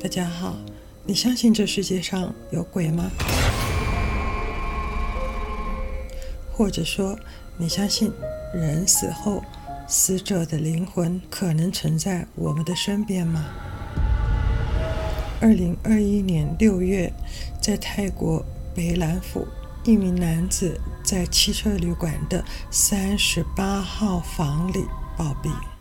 大家好，你相信這世界上有鬼嗎？或者說，你相信人死後，死者的靈魂可能存在我們的身邊嗎？二零二一年六月，在泰國北欖府，一名男子在汽車旅館的三十八號房裡暴斃。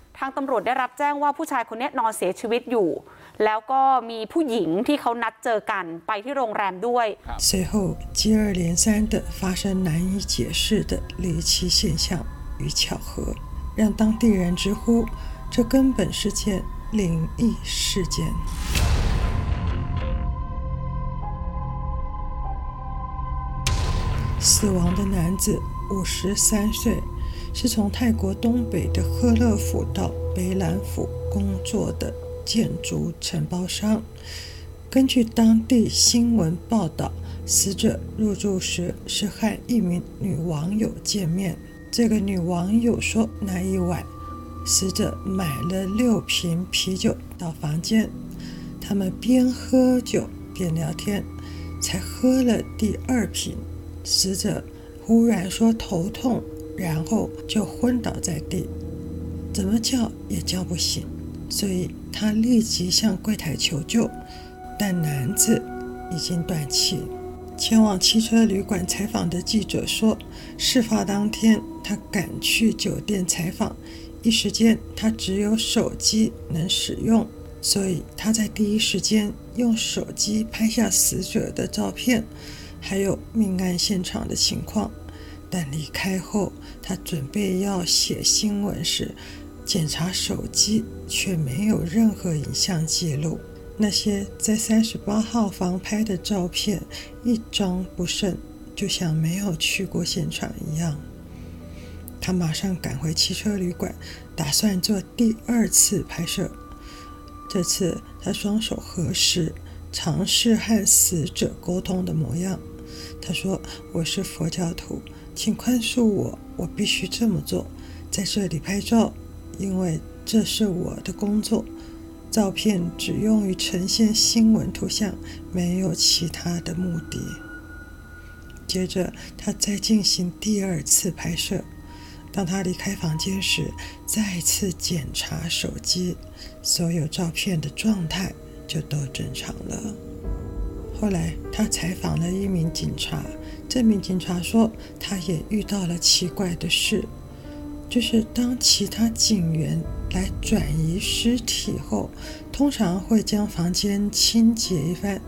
隨後，接二連三的發生難以解釋的離奇現象與巧合，讓當地人直呼這根本是件靈異事件。死亡的男子，五十三歲。是從泰國東北的呵叻府到北欖府工作的建築承包商。根據當地新聞報道，死者入住時是和一名女網友見面。這個女網友說，那一晚，死者買了六瓶啤酒到房間，他們邊喝酒邊聊天，才喝了第二瓶，死者忽然說頭痛。然後就昏倒在地，怎麼叫也叫不醒，所以他立即向櫃檯求救，但男子已經斷氣。前往汽車旅館採訪的記者說，事發當天他趕去酒店採訪，一時間他只有手機能使用，所以他在第一時間用手機拍下死者的照片，還有命案現場的情況。但離開後，他準備要寫新聞時，檢查手機卻沒有任何影像記錄。那些在三十八號房拍的照片，一張不剩，就像沒有去過現場一樣。他馬上趕回汽車旅館，打算做第二次拍攝。這次，他雙手合十，嘗試和死者溝通的模樣。他說：“我是佛教徒。”請寬恕我，我必須這麼做，在這裡拍照，因為這是我的工作。照片只用於呈現新聞圖像，沒有其他的目的。接着，他再進行第二次拍攝。當他離開房間時，再次檢查手機，所有照片的狀態就都正常了。後來，他採訪了一名警察。這名警察說，他也遇到了奇怪的事，就是當其他警員來轉移屍體後，通常會將房間清潔一番，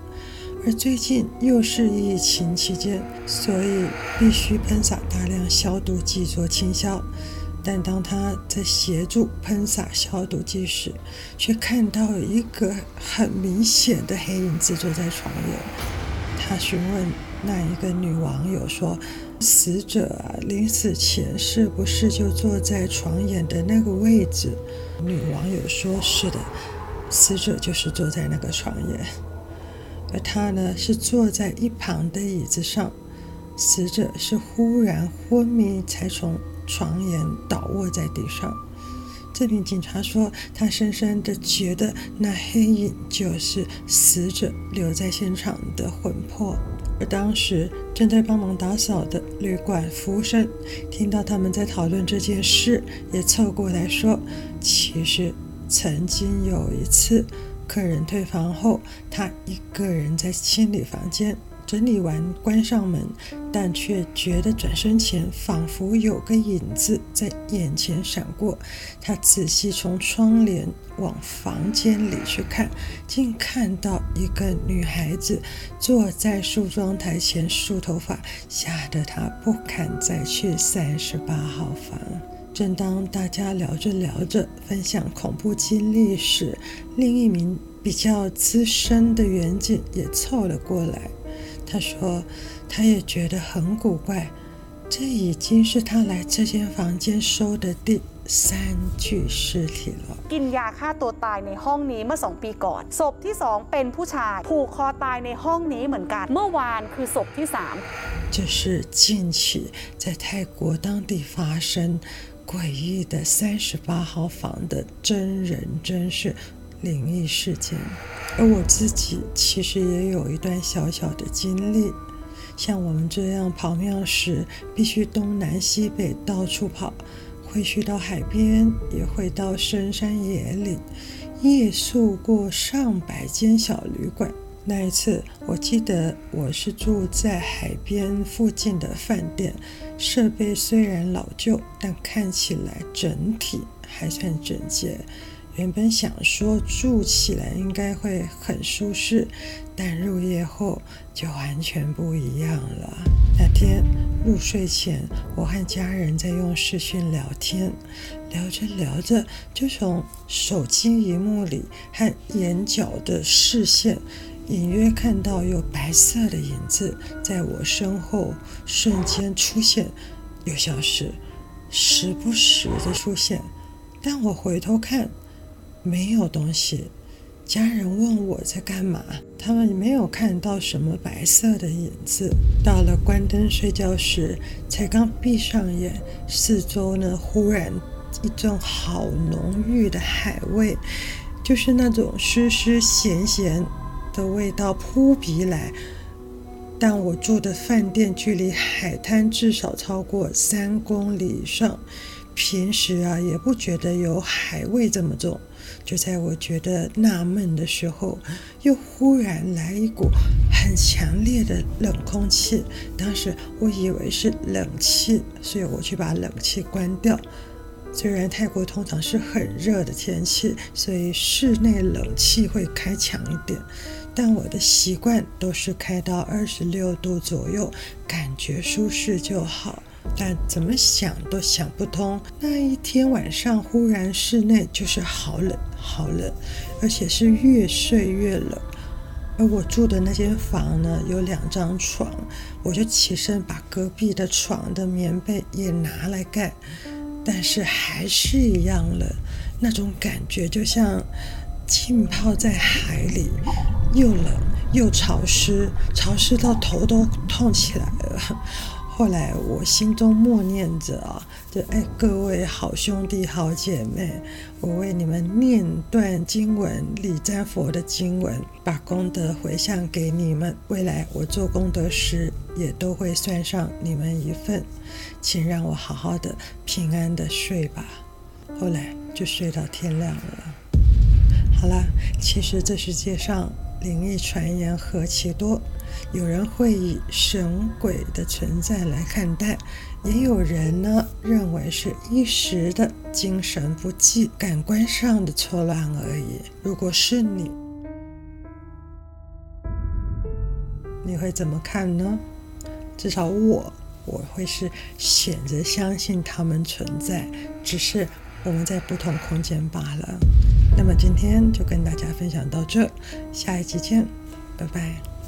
而最近又是疫情期間，所以必須噴灑大量消毒劑做清消。但當他在協助噴灑消毒劑時，卻看到一個很明顯的黑影子坐在床邊。他詢問。那一個女網友說：“死者臨死前是不是就坐在床沿的那個位置？”女網友說：“是的，死者就是坐在那個床沿，而他呢是坐在一旁的椅子上。死者是忽然昏迷，才從床沿倒臥在地上。”這名警察說：“他深深的覺得那黑影就是死者留在現場的魂魄。”而當時正在幫忙打掃的旅館服務生，聽到他們在討論這件事，也湊過來說：“其實曾經有一次，客人退房後，他一個人在清理房間。”整理完，關上門，但卻覺得轉身前仿佛有個影子在眼前閃過。他仔細從窗簾往房間裡去看，竟看到一個女孩子坐在梳妝台前梳頭髮，嚇得他不敢再去三十八號房。正當大家聊着聊着，分享恐怖經歷時，另一名比較資深的員警也湊了過來。他說他也覺得很古怪，這已經是他來這間房間收的第三具屍體了。今夜他都帶你哄你們上賓館手機上並不差你哄你們幹什麼玩具手機。這是近期在泰國當地發生詭異的三十八號房的真人真事。靈異事件，而我自己其實也有一段小小的經歷。像我們這樣跑廟時，必須東南西北到處跑，會去到海邊，也會到深山野嶺，夜宿過上百間小旅館。那一次，我記得我是住在海邊附近的飯店，設備雖然老舊，但看起來整體還算整潔。原本想說住起來應該會很舒適，但入夜後就完全不一樣了。那天入睡前，我和家人在用視訊聊天，聊着聊着，就從手機熒幕裡和眼角的視線隱約看到有白色的影子在我身後瞬間出現又消失，時不時的出現。但我回頭看。沒有東西。家人問我在幹嘛，他們沒有看到什麼白色的影子。到了關燈睡覺時，才剛閉上眼，四周呢，忽然一陣好濃郁的海味，就是那種濕濕鹹鹹的味道撲鼻來。但我住的飯店距離海灘至少超過三公里以上。平時啊也不覺得有海味這麼重，就在我覺得納悶的時候，又忽然來一股很強烈的冷空氣。當時我以為是冷氣，所以我去把冷氣關掉。雖然泰國通常是很熱的天氣，所以室內冷氣會開強一點，但我的習慣都是開到二十六度左右，感覺舒適就好。但怎麼想都想不通。那一天晚上，忽然室內就是好冷，好冷，而且是越睡越冷。而我住的那間房呢，有兩張床，我就起身把隔壁的床的棉被也拿來蓋，但是還是一樣冷。那種感覺就像浸泡在海裡，又冷又潮濕，潮濕到頭都痛起來了。後來我心中默念着啊，就哎，各位好兄弟、好姐妹，我為你們念段經文，禮讚佛的經文，把功德回向給你們。未來我做功德時，也都會算上你們一份。請讓我好好的、平安的睡吧。後來就睡到天亮了。好了，其實這世界上靈異傳言何其多，有人會以神鬼的存在來看待，也有人呢認為是一時的精神不濟、感官上的錯亂而已。如果是你，你會怎麼看呢？至少我，我會是選擇相信他們存在，只是我們在不同空間罷了。那麼今天就跟大家分享到這，下一期見，拜拜。